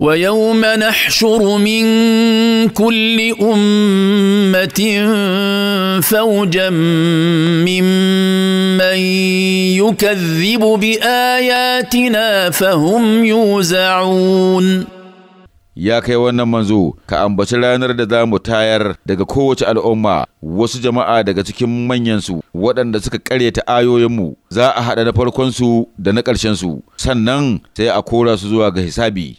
ويوم نحشر من كل امه فوجا ممن يكذب باياتنا فهم يوزعون ya kai wannan manzo ka ambaci ranar da za mu tayar daga kowace al'umma wasu jama'a daga cikin manyansu waɗanda suka ƙaryata ayoyinmu za a haɗa na farkonsu da na ƙarshen su, sannan sai a kora su zuwa ga hisabi